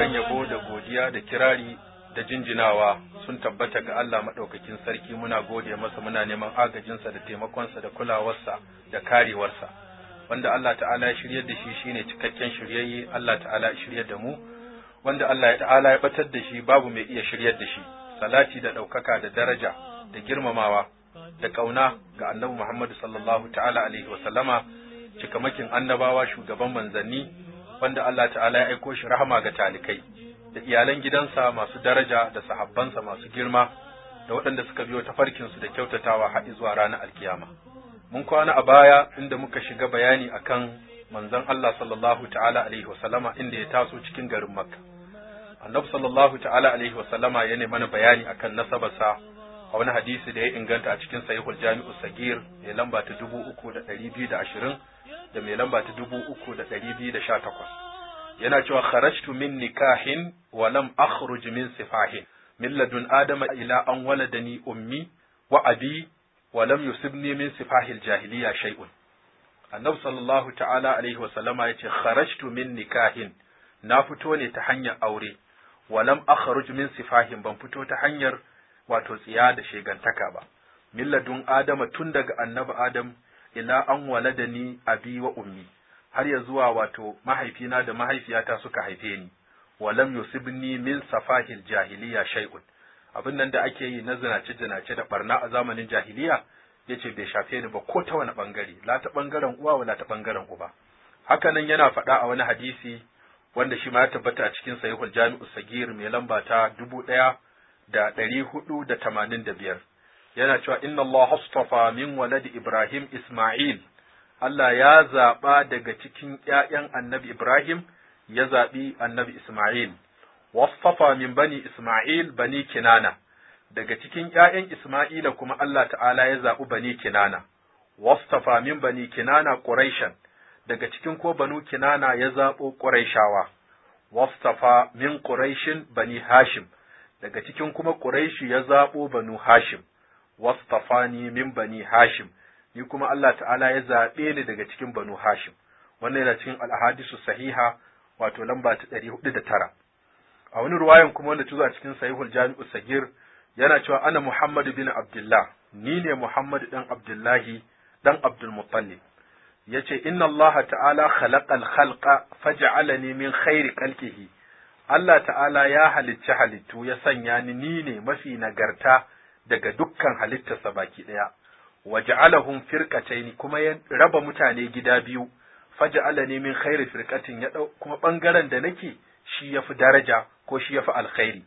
dukkan yabo da godiya da kirari da jinjinawa sun tabbata ga Allah maɗaukakin sarki muna gode masa muna neman agajinsa da taimakonsa da kulawarsa da karewarsa wanda Allah ta'ala ya shiryar da shi shine cikakken shiryayye Allah ta'ala ya shiryar da mu wanda Allah ya ta'ala ya batar da shi babu mai iya shiryar da shi salati da ɗaukaka da daraja da girmamawa da ƙauna ga annabi Muhammadu sallallahu ta'ala alaihi wa sallama cikamakin annabawa shugaban manzanni wanda Allah ta'ala ya aiko shi rahama ga talikai da iyalan gidansa masu daraja da sahabbansa masu girma da waɗanda suka biyo farkinsu da kyautatawa haɗi zuwa ranar alkiyama mun kwana a baya inda muka shiga bayani akan manzon Allah sallallahu ta'ala alaihi wasallama inda ya taso cikin garin Makka annabi sallallahu ta'ala alaihi wasallama ya ne mana bayani akan nasabarsa a wani hadisi da ya inganta a cikin sahihul jami'u sagir mai lamba ta dubu uku da ɗari biyu da ashirin da mai lamba ta dubu uku da ɗari biyu da sha takwas yana cewa kharajtu min nikahin wa lam akhruj min sifahin min ladun adama ila an waladani ummi wa abi wa lam yusibni min sifahil jahiliya shay'un annabi sallallahu ta'ala alaihi wa sallama yace kharajtu min nikahin na fito ne ta hanyar aure wa lam akhruj min sifahin ban fito ta hanyar wato tsiya da shegantaka ba milladun adama tun daga annabi adam ila an a abi wa ummi har ya zuwa wato mahaifina da mahaifiyata suka haife ni walam yusibni min safahil jahiliya shay'un abin nan da ake yi na zinace zinace da barna a zamanin jahiliya yace bai shafe ni ba ko ta wani bangare la ta bangaren uwa wala ta bangaren uba haka nan yana faɗa a wani hadisi wanda shi ma ya tabbata a cikin sahihul jami'u sagir mai lamba ta dubu ɗaya da ɗari hudu da tamanin da biyar yana cewa inna Allah min waladi Ibrahim Ismail Allah ya zaɓa daga cikin ’ya'yan annabi Ibrahim ya zaɓi annabi Ismail, wastafa min bani Ismail bani Kinana, daga cikin ’ya'yan Ismaila kuma Allah ta'ala ya zaɓi bani Kinana, wastafa min bani Kinana Quraishan, daga cikin ko banu Kinana ya zaɓo Quraishawa, wastafa min Quraishin bani Hashim, daga cikin kuma Quraishi ya zaɓo banu Hashim, wastafani min bani Hashim, ni kuma Allah ta'ala ya zaɓe ni daga cikin banu Hashim, wannan yana cikin al'ahadisu sahiha wato lamba ta ɗari hudu da tara. A wani ruwayan kuma wanda tuzo a cikin sahihul jami'u sagir yana cewa ana Muhammadu bin Abdullah, ni ne Muhammadu ɗan Abdullahi ɗan Abdul Muttalib. Ya ce, Inna Allah ta'ala khalaqal khalqa ne min khairi khalqihi Allah ta'ala ya halicci halittu ya sanya ni ni ne mafi nagarta daga dukkan halittarsa baki ɗaya. Waja'alahum firqatayn kuma ya raba mutane gida biyu. Faja'alani min khairi firkatin ya kuma ɓangaren da nake shi yafi daraja ko shi yafi alkhairi.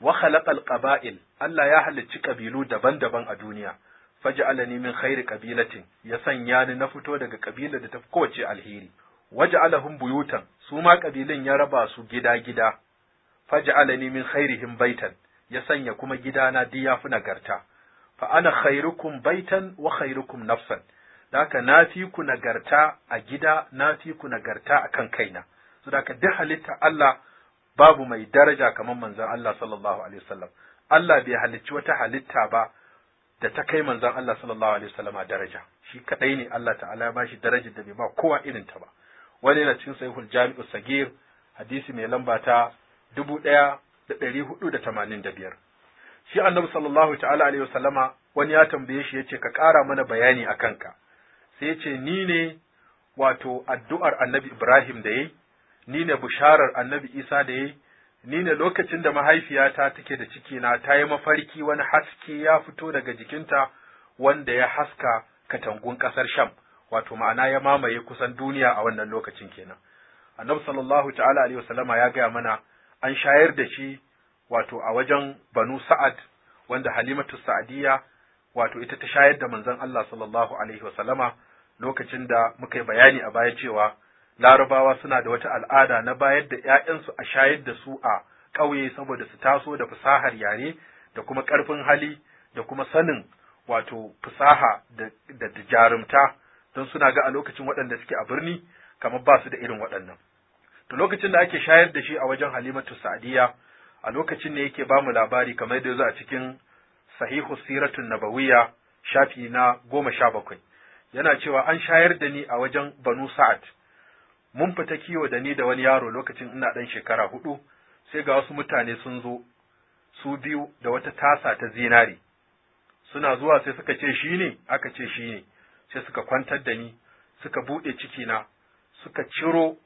Wa khalaqal qaba'il Allah ya halicci kabilu daban-daban a duniya. Faja'alani min khairi qabilatin ya sanya ni na fito daga kabilar da ta kowace alheri. Waje alahun buyutan su ma ƙabilun ya raba su gida-gida, faj'alani min khairihim baitan, ya sanya kuma gidana duk ya fi nagarta, fa ana khairukum baitan wa khairukum nafsan, da haka na fi ku nagarta a gida, na fi ku nagarta a kan kaina, su da duk halitta Allah babu mai daraja kamar manzon Allah sallallahu alaihi wasallam. Allah bai halicci wata halitta ba da ta kai manzon Allah sallallahu alaihi wasallam daraja, shi kaɗai ne Allah ta'ala ya bashi darajar da bai ba kowa irin ta ba. wani yana cikin sahihul jami'u sagir hadisi mai lamba ta dubu ɗaya da ɗari hudu da tamanin da biyar shi annabi sallallahu ta'ala alaihi wasallama wani ya tambaye shi yace ka ƙara mana bayani a kanka sai yace ni ne wato addu'ar annabi Ibrahim da yayi ni ne busharar annabi Isa da yayi ni ne lokacin da mahaifiyata take da ciki na ta yi mafarki wani haske ya fito daga jikinta wanda ya haska katangun ƙasar Sham wato ma'ana ya mamaye kusan duniya a wannan lokacin kenan annabi sallallahu ta'ala alaihi wasallama ya gaya mana an shayar da shi wato a wajen banu sa'ad wanda halimatu sa'adiyya wato ita ta shayar da manzon Allah sallallahu alaihi wasallama lokacin da muka yi bayani a baya cewa larabawa suna da wata al'ada na bayar da ‘ya'yansu a shayar da su a ƙauye saboda su taso da fasahar yare da kuma ƙarfin hali da kuma sanin wato fasaha da jarumta don suna ga a lokacin waɗanda suke a birni kamar ba su da irin waɗannan to lokacin da ake shayar da shi a wajen halimatu sa'adiyya a lokacin ne yake bamu labari kamar da zo a cikin sahihu siratun nabawiyya shafi na goma sha bakwai yana cewa an shayar da ni a wajen banu sa'ad mun fita kiwo da ni da wani yaro lokacin ina ɗan shekara huɗu sai ga wasu mutane sun zo su biyu da wata tasa ta zinari suna zuwa sai suka ce shi ne aka ce shi ne sai suka kwantar da ni suka buɗe cikina suka ciro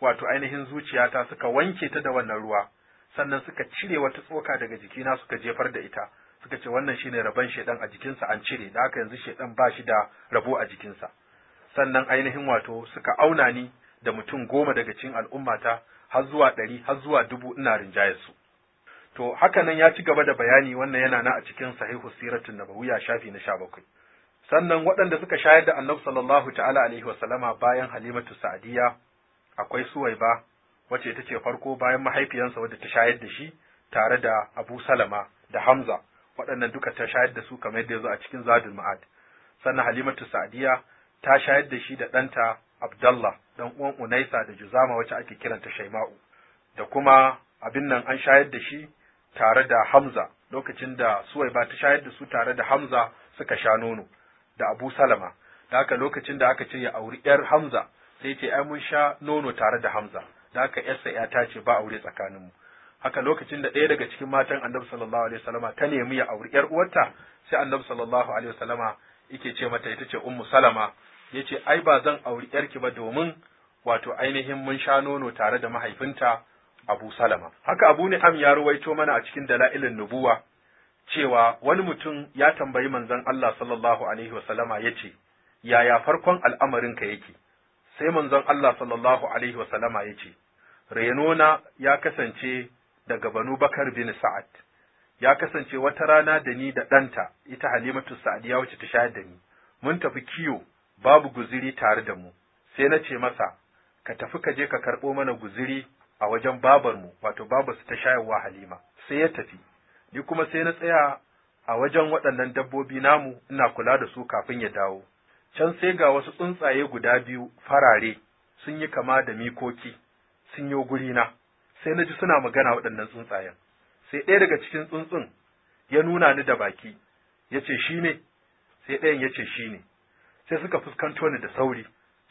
wato ainihin zuciyata suka wanke ta da wannan ruwa sannan suka cire wata tsoka daga jikina suka jefar da ita suka ce wannan shine rabon shedan a jikinsa an cire da haka yanzu shedan ba shi da rabo a jikinsa sannan ainihin wato suka auna ni da mutum goma daga cikin al'ummata har zuwa ɗari har zuwa dubu ina rinjayar su to haka nan ya ci gaba da bayani wannan yana na a cikin sahihu siratun nabawiya shafi na sha bakwai sannan waɗanda suka shayar da annabi sallallahu ta'ala alaihi wasallama bayan halimatu sa'diya akwai suwaiba wacce ita ce farko bayan mahaifiyansa wadda ta shayar da shi tare da abu salama da hamza waɗannan duka ta shayar da su kamar yadda ya zo a cikin zadul ma'ad sannan halimatu sa'diya ta shayar da shi da ɗanta abdallah ɗan uwan unaisa da juzama wacce ake kiranta shaima'u da kuma abin nan an shayar da shi tare da hamza lokacin da suwaiba ta shayar da su tare da hamza suka sha nono da Abu Salama da haka lokacin da aka ce ya auri ‘yar Hamza sai ce ai mun sha nono tare da Hamza da haka ‘yarsa ya tace ce ba aure tsakaninmu haka lokacin da ɗaya daga cikin matan annabi sallallahu alaihi wasallama ta nemi ya auri ‘yar uwarta sai annabi sallallahu alaihi wasallama yake ce mata ita ce ummu salama ya ce ai ba zan auri ‘yarki ba domin wato ainihin mun sha nono tare da mahaifinta Abu Salama. Haka Abu Ni'am ya ruwaito mana a cikin dala'ilin nubuwa cewa wani mutum ya tambayi manzon Allah sallallahu alaihi wasallama ya ce, Yaya farkon al'amarinka yake? Sai manzon Allah sallallahu alaihi wasallama ya ce, Renona ya kasance daga Banu Bakar bin Sa'ad, ya kasance wata rana da ni da ɗanta, ita Halimatu Sa'adiya wacce ta shayar da ni, mun tafi kiyo babu guziri tare da mu, sai na ce masa, ka tafi ka je ka karɓo mana guziri a wajen babarmu, wato babarsu ta shayarwa Halima, sai ya tafi. ni kuma sai na tsaya a wajen waɗannan dabbobi namu ina kula da su kafin ya dawo. Can sai ga wasu tsuntsaye guda biyu farare sun yi kama da mikoki, sun yo gurina, sai na ji suna magana waɗannan tsuntsayen. Sai ɗaya daga cikin tsuntsun ya nuna ni da baki, ya ce shi ne, sai ɗayan ya ce shi ne. Sai suka fuskanto ni da sauri,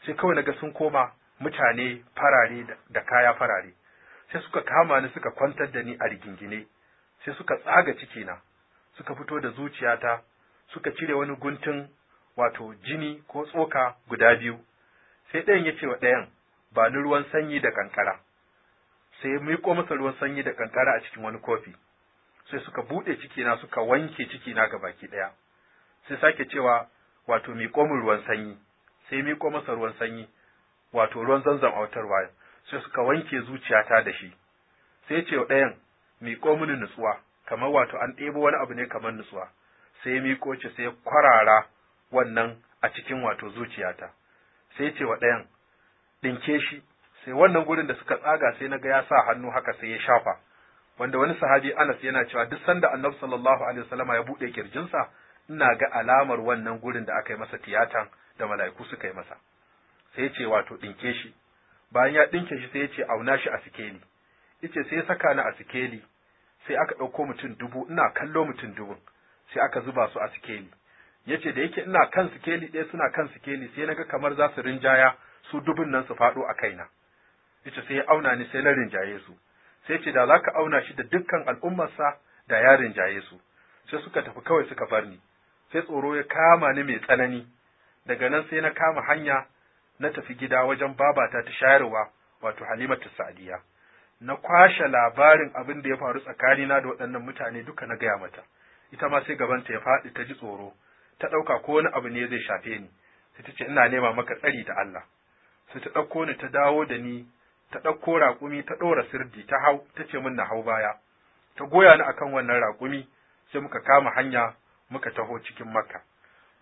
sai kawai na ga sun koma mutane farare da kaya farare. Sai suka kama ni suka kwantar da ni a rigingine, sai suka tsaga cikina suka fito da zuciyata suka cire wani guntun wato jini ko tsoka guda biyu sai ɗayan ya ce wa ɗayan ba ni ruwan sanyi da kankara sai mu yi masa ruwan sanyi da kankara a cikin wani kofi sai suka buɗe cikina suka wanke cikina ga baki ɗaya sai sake cewa wato miƙo min ruwan sanyi sai miƙo masa ruwan sanyi wato ruwan zanzan autarwa sai suka wanke zuciyata da shi sai ce wa ɗayan miƙo mini nutsuwa kamar wato an ɗebo wani abu ne kamar nutsuwa sai ya miƙo ce sai kwarara wannan a cikin wato zuciyata sai ce wa ɗayan ɗinke shi sai wannan gurin da suka tsaga sai na ga ya sa hannu haka sai ya shafa wanda wani sahabi Anas yana cewa duk sanda Annabi sallallahu alaihi wasallama ya buɗe kirjinsa ina ga alamar wannan gurin da aka yi masa tiyatan da mala'iku suka yi masa sai ce wato ɗinke shi bayan ya ɗinke shi sai ya ce auna shi a sikeli yace sai ya saka ni a sikeli sai aka ɗauko mutum dubu ina kallo mutum dubu sai aka zuba su a sikeli yace da yake ina kan sikeli ɗaya suna kan sikeli sai naga kamar za su rinjaya su dubun nan su faɗo a kaina yace sai ya auna ni sai na rinjaye su sai ce da za ka auna shi da dukkan al'ummarsa da ya rinjaye su sai suka tafi kawai suka bar ni sai tsoro ya kama ni mai tsanani daga nan sai na kama hanya na tafi gida wajen babata ta shayarwa wato halimatu sa'diya na kwashe labarin abin da ya faru tsakanina da waɗannan mutane duka na gaya mata ita ma sai gabanta ya faɗi ta ji tsoro ta ɗauka ko wani abu ne zai shafe ni sai ta ce ina nema maka tsari da Allah sai ta ɗauko ni ta dawo da ni ta ɗauko raƙumi ta ɗora sirdi ta hau ta ce min na hau baya ta goya ni akan wannan raƙumi sai muka kama hanya muka taho cikin makka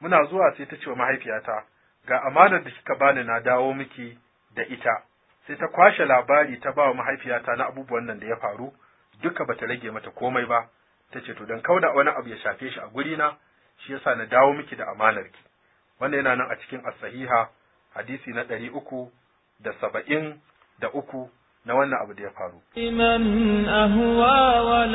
muna zuwa sai ta ce wa mahaifiyata ga amanar da kika bani na dawo miki da ita sai ta kwashe labari ta bawa mahaifiyata na abubuwan nan da ya faru duka bata rage mata komai ba ta ce to don kauda wani abu ya shafe shi a guri na shi yasa na dawo miki da amanarki wannan yana nan a cikin as-sahiha hadisi na ɗari uku da saba'in da uku na wannan abu da ya faru iman ahwa wa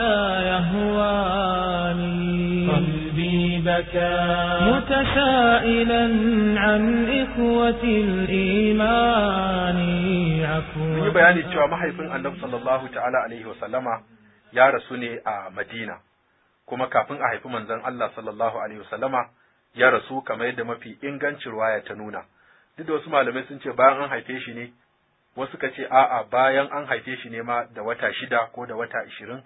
bayani cewa mahaifin annabi sallallahu ta'ala alaihi wa sallama ya rasu ne a Madina kuma kafin a haifi manzon Allah sallallahu alaihi wa sallama ya rasu kamar yadda mafi ingancin ruwaya ta nuna duk da wasu malamai sun ce bayan an haife shi ne wasu ka ce a'a bayan an haife shi ne ma da wata shida ko da wata ishirin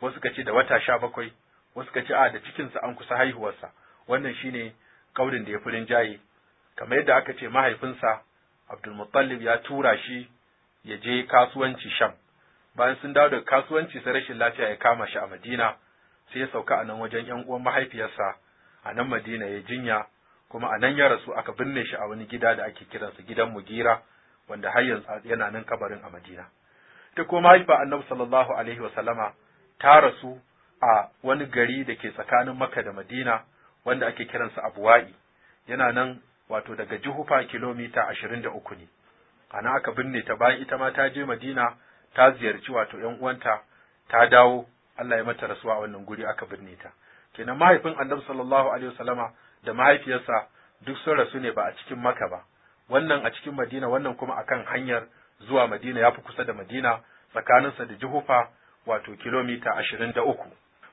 wasu ka ce da wata sha bakwai wasu ka ce a da cikinsa an kusa haihuwarsa wannan shi ne ƙaurin da ya fi rinjaye kamar yadda aka ce mahaifinsa Abdulmuttalib ya tura shi ya je kasuwanci Sham bayan sun dawo daga kasuwanci sai rashin lafiya ya kama shi a Madina sai ya sauka a nan wajen 'yan uwan mahaifiyarsa a nan Madina ya jinya kuma a nan ya rasu aka binne shi a wani gida da ake kiransa gidan Mugira wanda har yanzu yana nan kabarin a Madina ta kuma haifa Annabi sallallahu alaihi wa sallama ta rasu a wani gari da ke tsakanin Makka da Madina wanda ake kiransa Abuwa'i yana nan wato daga Juhufa kilomita 23 ne ana aka binne ta bayan ita ma ta je Madina ta ziyarci wato ‘yan uwanta ta dawo Allah ya mata rasuwa a wannan guri aka binne ta. Kenan mahaifin Annabi sallallahu alaihi wa sallama da mahaifiyarsa duk sun rasu ne ba a cikin maka ba, wannan a cikin Madina wannan kuma a kan hanyar zuwa Madina ya fi kusa da Madina tsakaninsa da Juhufa wato kilomita ashirin da uku.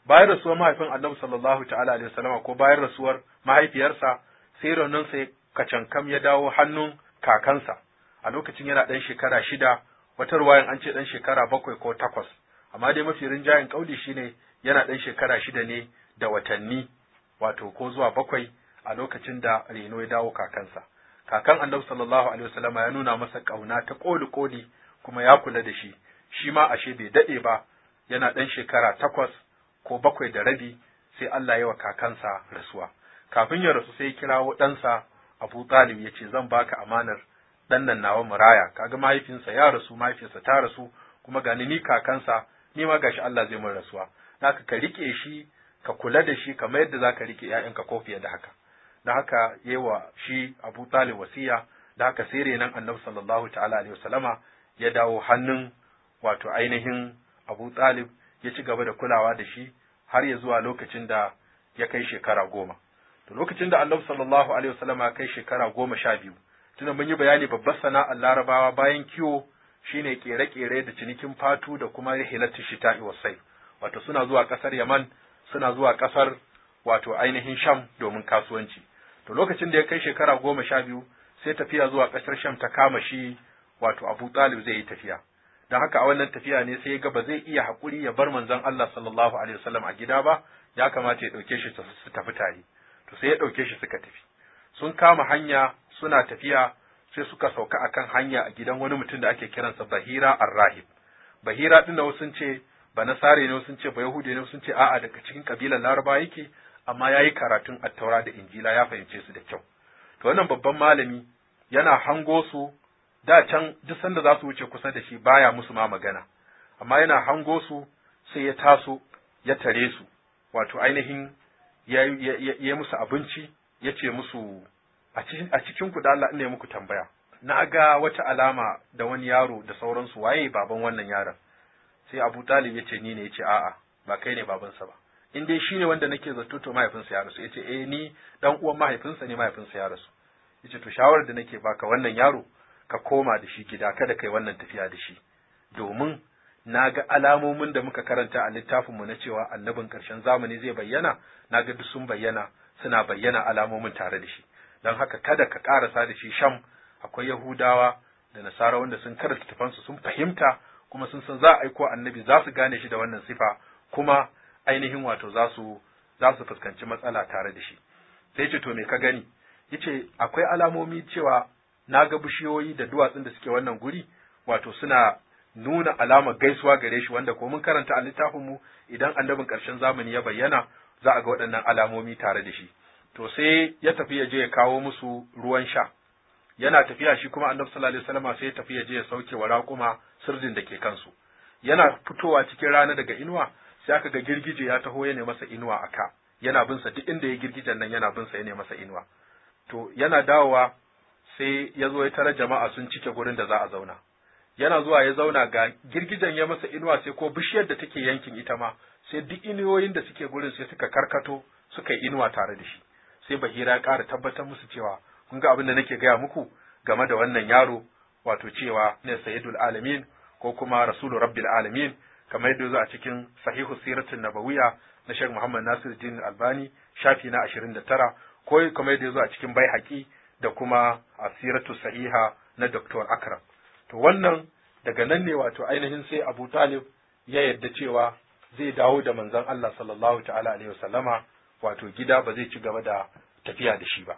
Bayan rasuwar mahaifin Annabi sallallahu ta'ala alaihi salama ko bayan rasuwar mahaifiyarsa sai rauninsa ya kacankam ya dawo hannun kakansa a lokacin yana ɗan shekara shida wata ruwayan an ce ɗan shekara bakwai ko takwas amma dai mafi rinjayen ƙauli shine yana ɗan shekara shida ne da watanni wato ko zuwa bakwai a lokacin da reno ya dawo kakansa kakan annabi sallallahu alaihi wasallama ya nuna masa ƙauna ta koli koli kuma ya kula da shi shi ma ashe bai daɗe ba yana ɗan shekara takwas ko bakwai da rabi sai Allah ya wa kakansa rasuwa kafin ya rasu sai ya kirawo ɗansa Abu Talib ya ce zan baka amanar ɗan nan nawa muraya kaga mahaifinsa ya rasu mahaifinsa ta rasu kuma gani ni kakansa ni ma gashi Allah zai mun rasuwa naka ka rike shi ka kula da shi kamar yadda zaka rike ƴaƴanka ko fiye da haka da haka yewa shi Abu Talib wasiya da haka sai renan Annabi sallallahu ta'ala alaihi wasallama ya dawo hannun wato ainihin Abu Talib ya ci gaba da kulawa da shi har ya zuwa lokacin da ya kai shekara goma. To lokacin da Annabi sallallahu alaihi wasallama ya kai shekara goma sha biyu tunda mun yi bayani babbar sana'ar Larabawa bayan kiwo shine kere-kere da cinikin fatu da kuma rihilatu shita'i wasai wato suna zuwa ƙasar Yaman suna zuwa ƙasar wato ainihin Sham domin kasuwanci to lokacin da ya kai shekara goma sha biyu sai tafiya zuwa ƙasar sham ta kama shi wato abu talib zai yi tafiya don haka a wannan tafiya ne sai ya ga ba zai iya haƙuri ya bar manzon Allah sallallahu alaihi wasallam a gida ba ya kamata ya ɗauke shi su tafi tare to sai ya ɗauke shi suka tafi sun kama hanya suna tafiya sai suka sauka a kan hanya a gidan wani mutum da ake kiransa Bahira Ar-Rahib Bahira din da sun ce ba nasare ne sun ce ba yahude ne sun ce a'a daga cikin kabilar Laraba yake amma ya yi karatun attaura da injila ya fahimce su da kyau to wannan babban malami yana hango su da can duk sanda za su wuce kusa da shi baya musu ma magana amma yana hango su sai ya taso ya tare su wato ainihin ya yi musu abinci ya ce musu a cikin ku da Allah ina muku tambaya na ga wata alama da wani yaro da sauransu waye baban wannan yaron sai Abu Talib ya ce ni ne ya ce a'a ba kai ne babansa ba in dai ne wanda nake zato to mahaifinsa ya rasu yace eh ni dan uwan mahaifinsa ne mahaifinsa ya rasu yace to shawarar da nake baka wannan yaro ka koma da shi gida kada kai wannan tafiya da shi domin na ga alamomin da muka karanta a littafinmu na cewa annabin ƙarshen zamani zai bayyana na ga duk sun bayyana suna bayyana alamomin tare da shi don haka kada ka ƙarasa da shi sham akwai yahudawa da nasara wanda sun karanta tafansu sun fahimta kuma sun san za a aiko annabi za su gane shi da wannan sifa kuma ainihin wato za su za su fuskanci matsala tare da shi sai ce to me ka gani yace akwai alamomi cewa na ga bishiyoyi da duwatsun da suke wannan guri wato suna nuna alama gaisuwa gare shi wanda ko mun karanta a mu idan annabin ƙarshen zamani ya bayyana za a ga waɗannan alamomi tare da shi to sai ya tafi ya je ya kawo musu ruwan sha yana tafiya shi kuma annabi sallallahu alaihi wasallam sai ya tafi ya je ya sauke wa raƙuma sirdin da ke kansu yana fitowa cikin rana daga inuwa sai aka ga girgije ya taho ya masa inuwa a ka yana bin sa duk inda ya girgijen nan yana bin sa ya masa inuwa to yana dawowa sai ya zo ya tara jama'a sun cike gurin da za a zauna yana zuwa ya zauna ga girgijen ya masa inuwa sai ko bishiyar da take yankin ita ma sai duk inuwoyin da suke gurin sai suka karkato suka yi inuwa tare da shi sai bahira ya ƙara tabbatar musu cewa kun ga abin da nake gaya muku game da wannan yaro wato cewa ne sayyidul alamin ko kuma rasulu rabbil alamin kamar yadda zo a cikin sahihu siratun nabawiya na Sheikh Muhammad Nasir Din Albani shafi na ashirin da tara. ko kamar yadda zo a cikin Baihaqi da kuma a asiratu sahiha na Dr. Akram to wannan daga nan ne wato ainihin sai Abu Talib ya yadda cewa zai dawo da manzon Allah sallallahu ta'ala alaihi wasallama wato gida ba zai ci gaba da tafiya da shi ba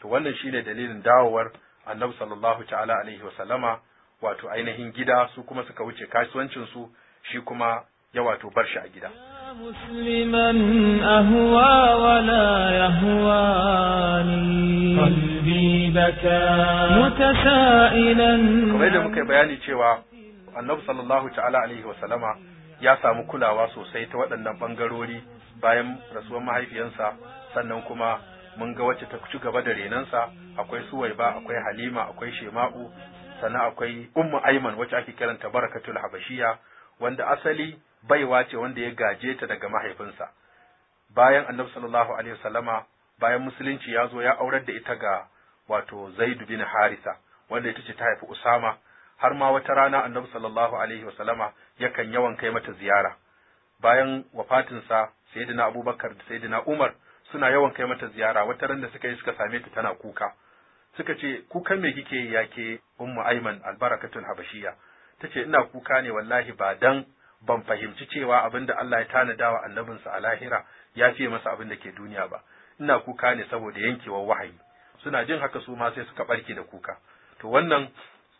to wannan shine dalilin dawowar Annabi sallallahu ta'ala alaihi wasallama wato ainihin gida su kuma suka wuce kasuwancinsu. shi kuma ya wato bar shi a gida مسلما kamar yadda muka bayani cewa annabi sallallahu ta'ala alaihi wa ya samu kulawa sosai ta waɗannan ɓangarori bayan rasuwar mahaifiyansa sannan kuma mun ga wacce ta ci gaba da renansa akwai suwaiba akwai halima akwai shema'u sannan akwai ummu aiman wacce ake kiranta barakatul habashiya wanda asali baiwa ce wanda ya gaje ta daga mahaifinsa bayan annabi sallallahu alaihi wasallama bayan musulunci ya zo ya aurar da ita ga wato Zaid bin Harisa wanda ita ce ta haifi Usama har ma wata rana annabi sallallahu alaihi wasallama yakan yawan kai mata ziyara bayan wafatinsa sayyidina Abubakar da sayyidina Umar suna yawan kai mata ziyara wata ran da suka yi suka same ta tana kuka suka ce kukan me kike yake ke ummu Aiman albarakatun habashiya ce ina kuka ne wallahi ba dan ban fahimci cewa abin da Allah ya tanada wa annabinsa a lahira ya fiye masa abin da ke duniya ba ina kuka ne saboda yankewar wahayi suna jin haka su ma sai suka barke da kuka to wannan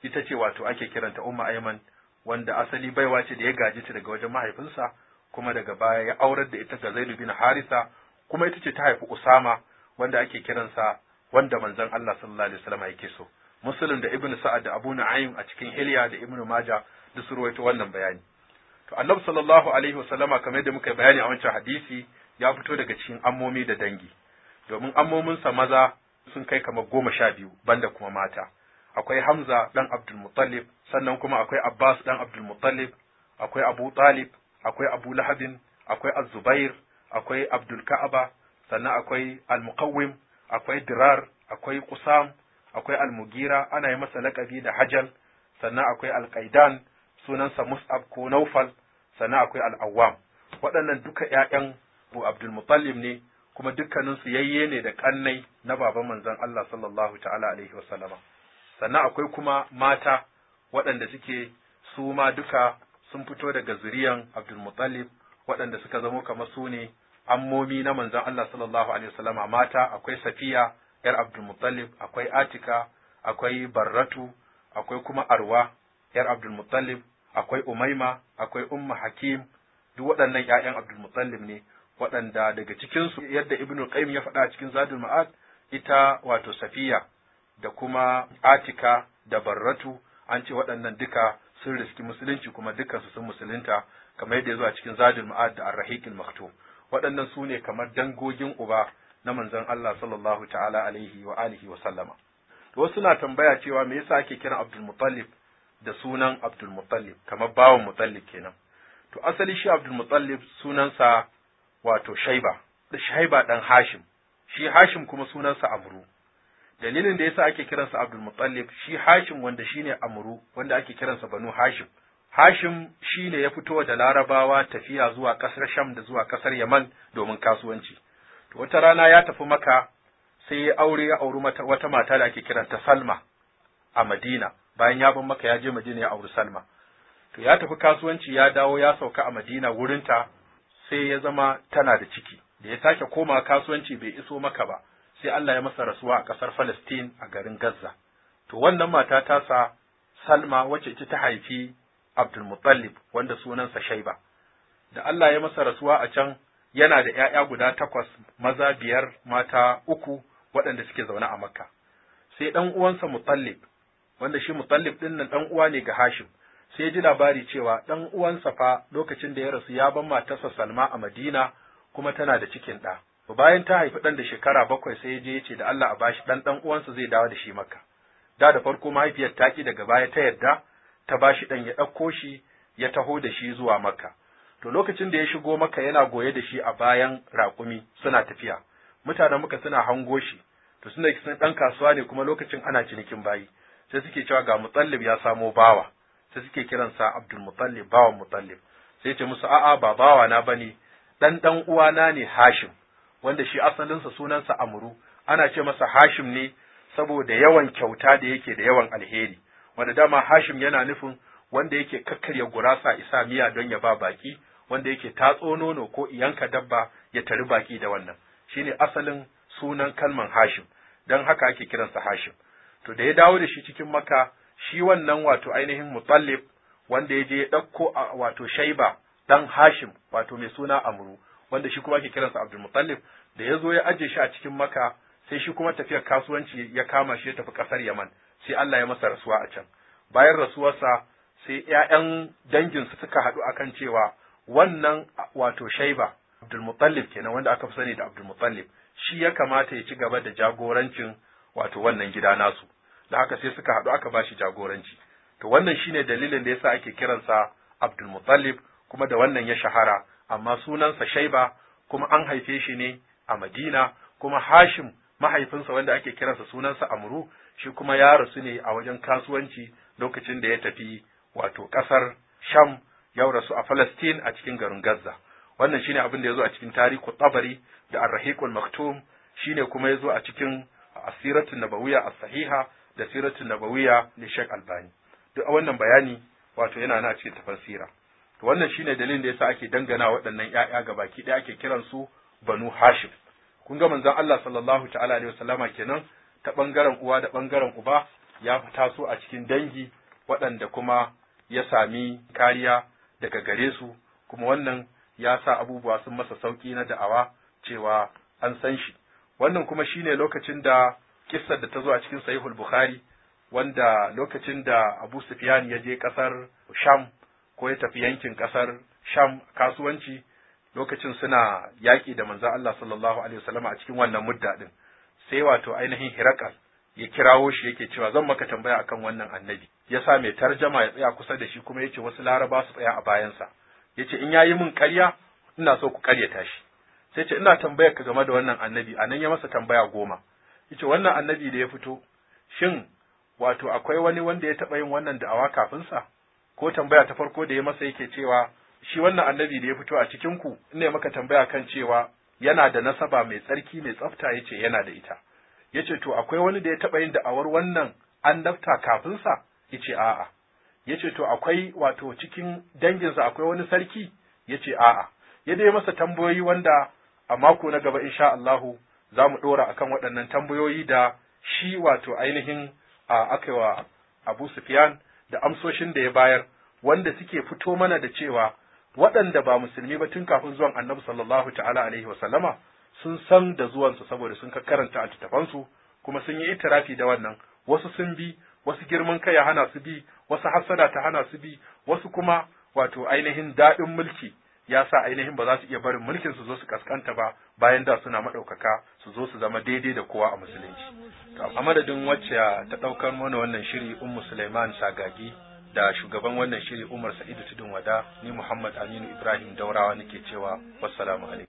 ita ce wato ake kiranta umma ayman wanda asali baiwa ce da ya gaji ta daga wajen mahaifinsa kuma daga baya ya aurar da ita ga Zainab bin Harisa kuma ita ce ta haifi Usama wanda ake kiransa wanda manzon Allah sallallahu alaihi wasallam yake so muslim da ibnu sa'ad da abu nu'aym a cikin hilya da ibnu maja duk su ruwaito wannan bayani to annabi sallallahu alaihi wasallama kamar yadda muka bayani a wancan hadisi ya fito daga cikin ammomi da dangi domin ammominsa maza sun kai kamar goma sha biyu banda kuma mata akwai Hamza ɗan Muttalib, sannan kuma akwai Abbas ɗan Abdulmuttalib, akwai Abu Talib, akwai Abu Lahabin, akwai Az-Zubair, akwai Abdul Ka'aba, sannan akwai Al-Muqawwim, akwai Dirar, akwai Qusam, akwai almugira ana yi masa laƙabi da hajal sannan akwai alƙaidan sunansa mus'ab ko naufal sannan akwai al'awwam waɗannan duka ‘ya'yan bu abdulmutallib ne kuma dukkaninsu yayye ne da ƙannai na baban manzon Allah sallallahu ta'ala alaihi wasallama sannan akwai kuma mata waɗanda suke su ma duka sun fito daga zuriyan abdulmutallib waɗanda suka zamo kamar su ne ammomi na manzon Allah sallallahu alaihi wasallama mata akwai safiya yar Abdulmuttalib akwai Atika akwai Barratu akwai kuma Arwa yar Abdulmuttalib akwai Umaima akwai Umma Hakim duk waɗannan ’ya'yan Abdulmuttalib ne waɗanda daga cikinsu yadda Ibn Qayyim ya faɗa cikin Zadul Ma'ad ita wato Safiya da kuma Atika da Barratu an ce waɗannan duka sun riski musulunci kuma dukansu sun musulunta kamar yadda ya zo a cikin Zadul Ma'ad da Ar-Rahiqil Maktum waɗannan su ne kamar dangogin uba na manzon Allah sallallahu ta'ala alaihi wa alihi wa sallama to wasu na tambaya cewa me yasa ake kiran Abdul Muttalib da sunan Abdul Muttalib kamar bawan Muttalib kenan to asali shi Abdul Muttalib sunansa wato Shaiba da Shaiba dan Hashim shi Hashim kuma sunansa Amru dalilin da yasa ake kiransa Abdul Muttalib shi Hashim wanda shine Amru wanda ake kiransa Banu Hashim Hashim shi ne ya fito da Larabawa tafiya zuwa ƙasar Sham da zuwa ƙasar Yaman domin kasuwanci. to wata rana ya tafi maka sai ya aure ya auri wata mata da ake kiranta Salma a Madina bayan ya bar maka ya je Madina ya auri Salma to ya tafi kasuwanci ya dawo ya sauka a Madina wurinta sai ya zama tana da ciki da ya sake koma kasuwanci bai iso maka ba sai Allah ya masa rasuwa a ƙasar Falastin a garin Gaza to wannan mata ta sa Salma wacce ita ta haifi Abdul Muttalib wanda sunansa Shaiba da Allah ya masa rasuwa a can yana da ‘ya'ya guda takwas maza biyar mata uku waɗanda suke zaune a makka sai ɗan uwansa mutallib wanda shi mutallib ɗin nan ɗan uwa ne ga hashim sai ya ji labari cewa ɗan uwansa fa lokacin da ya rasu ya ban matarsa salma a madina kuma tana da cikin ɗa bayan ta haifi ɗan da shekara bakwai sai ya je ya ce da Allah a bashi ɗan ɗan uwansa zai dawo da shi makka da da farko mahaifiyar ta ki daga baya ta yarda ta bashi ɗan ya ɗauko shi ya taho da shi zuwa makka to lokacin da ya shigo maka yana goye da shi a bayan raƙumi suna tafiya mutanen muka suna hango shi to suna kisan ɗan kasuwa ne kuma lokacin ana cinikin bayi sai suke cewa ga mutallib ya samo bawa sai suke kiransa abdul mutallib bawan mutallib sai ce musu a'a ba bawa na bane dan dan uwana ne hashim wanda shi asalinsa sunansa amru ana ce masa hashim ne saboda yawan kyauta da yake da yawan alheri wanda dama hashim yana nufin wanda yake kakkarya gurasa isa miya don ya ba baki wanda yake tatso nono ko yanka dabba ya tari baki da wannan shine asalin sunan kalman hashim don haka ake kiransa hashim to da ya dawo da shi cikin maka shi wannan wato ainihin mutallib wanda ya je ya ɗauko wato shaiba dan hashim wato mai suna amru wanda shi kuma ake kiransa abdul mutallib da ya zo ya aje shi a cikin maka sai shi kuma tafiyar kasuwanci ya kama shi ya tafi ƙasar yaman sai allah ya masa rasuwa a can bayan rasuwarsa sai ‘ya'yan danginsa suka haɗu akan cewa wannan wato shaiba Abdulmutallib kenan wanda aka fi sani da Abdulmutallib shi ya kamata ya ci gaba da jagorancin wato wannan gida nasu da haka sai suka haɗu aka ba shi jagoranci to wannan shine dalilin da yasa ake kiransa Abdulmutallib kuma da wannan ya shahara amma sunansa Shaiba kuma an haife shi ne a Madina kuma Hashim mahaifinsa wanda ake kiransa sunansa Amru shi kuma ya rasu ne a wajen kasuwanci lokacin da ya tafi wato ƙasar Sham ya rasu a Falastin a cikin garin Gaza wannan shine abin da ya zo a cikin tarihi tabari da arrahiqul maktum shine kuma ya zo a cikin asiratun Nabawiyya a sahiha da siratun Nabawiyya na Sheikh Albani duk wannan bayani wato yana na cikin tafsira to wannan shine dalilin da yasa ake dangana waɗannan ƴaƴa gabaki ɗaya ake kiran su Banu Hashim kun ga manzon Allah sallallahu ta'ala alaihi wasallama kenan ta bangaren uwa da bangaren uba ya fita su a cikin dangi waɗanda kuma ya sami kariya daga gare su kuma wannan ya sa abubuwa sun masa sauƙi na da'awa cewa an san shi wannan kuma shine lokacin da kissar da ta zo a cikin sahihul bukhari wanda lokacin da abu sufyan ya je ƙasar sham ko ya tafi yankin ƙasar sham kasuwanci lokacin suna yaƙi da manzon Allah sallallahu alaihi wasallam a cikin wannan mudda din sai wato ainihin hirakal ya kirawo shi yake cewa zan maka tambaya akan wannan annabi ya sa mai tarjama ya tsaya kusa da shi kuma yace wasu laraba su tsaya a bayansa yace in yayi min ƙarya ina so ku ƙaryata shi sai ce ina tambayar ka game da wannan annabi anan ya masa tambaya goma yace wannan annabi da ya fito shin wato akwai wani wanda ya taɓa yin wannan da'awa kafin sa ko tambaya ta farko da ya masa yake cewa shi wannan annabi da ya fito a cikin ku ina maka tambaya kan cewa yana da nasaba mai tsarki mai tsafta yace yana da ita Ya ce to akwai wani da ya taɓa yin da'awar wannan annabta kafin sa yace a'a yace to akwai wato cikin danginsa akwai wani sarki yace a'a ya dai masa tambayoyi wanda a mako na gaba insha Allahu za mu ɗora kan waɗannan tambayoyi da shi wato ainihin aka wa Abu Sufyan da amsoshin da ya bayar wanda suke fito mana da cewa waɗanda ba musulmi ba tun kafin zuwan Annabi sallallahu ta'ala alaihi wa sallama sun san da zuwansu saboda sun karanta littattafansu kuma sun yi itirafi da wannan wasu sun bi wasu girman kai ya hana su bi wasu hasada ta hana su bi wasu kuma wato ainihin daɗin mulki ya sa ainihin ba za su iya barin mulkin su zo su kaskanta ba bayan da suna maɗaukaka su zo su zama daidai da kowa a musulunci to a madadin wacce ta ɗaukar mana wannan shiri ummu Sulaiman Sagagi da shugaban wannan shiri Umar Sa'idu Tudun Wada ni Muhammad Aminu Ibrahim Daurawa nake cewa wassalamu alaikum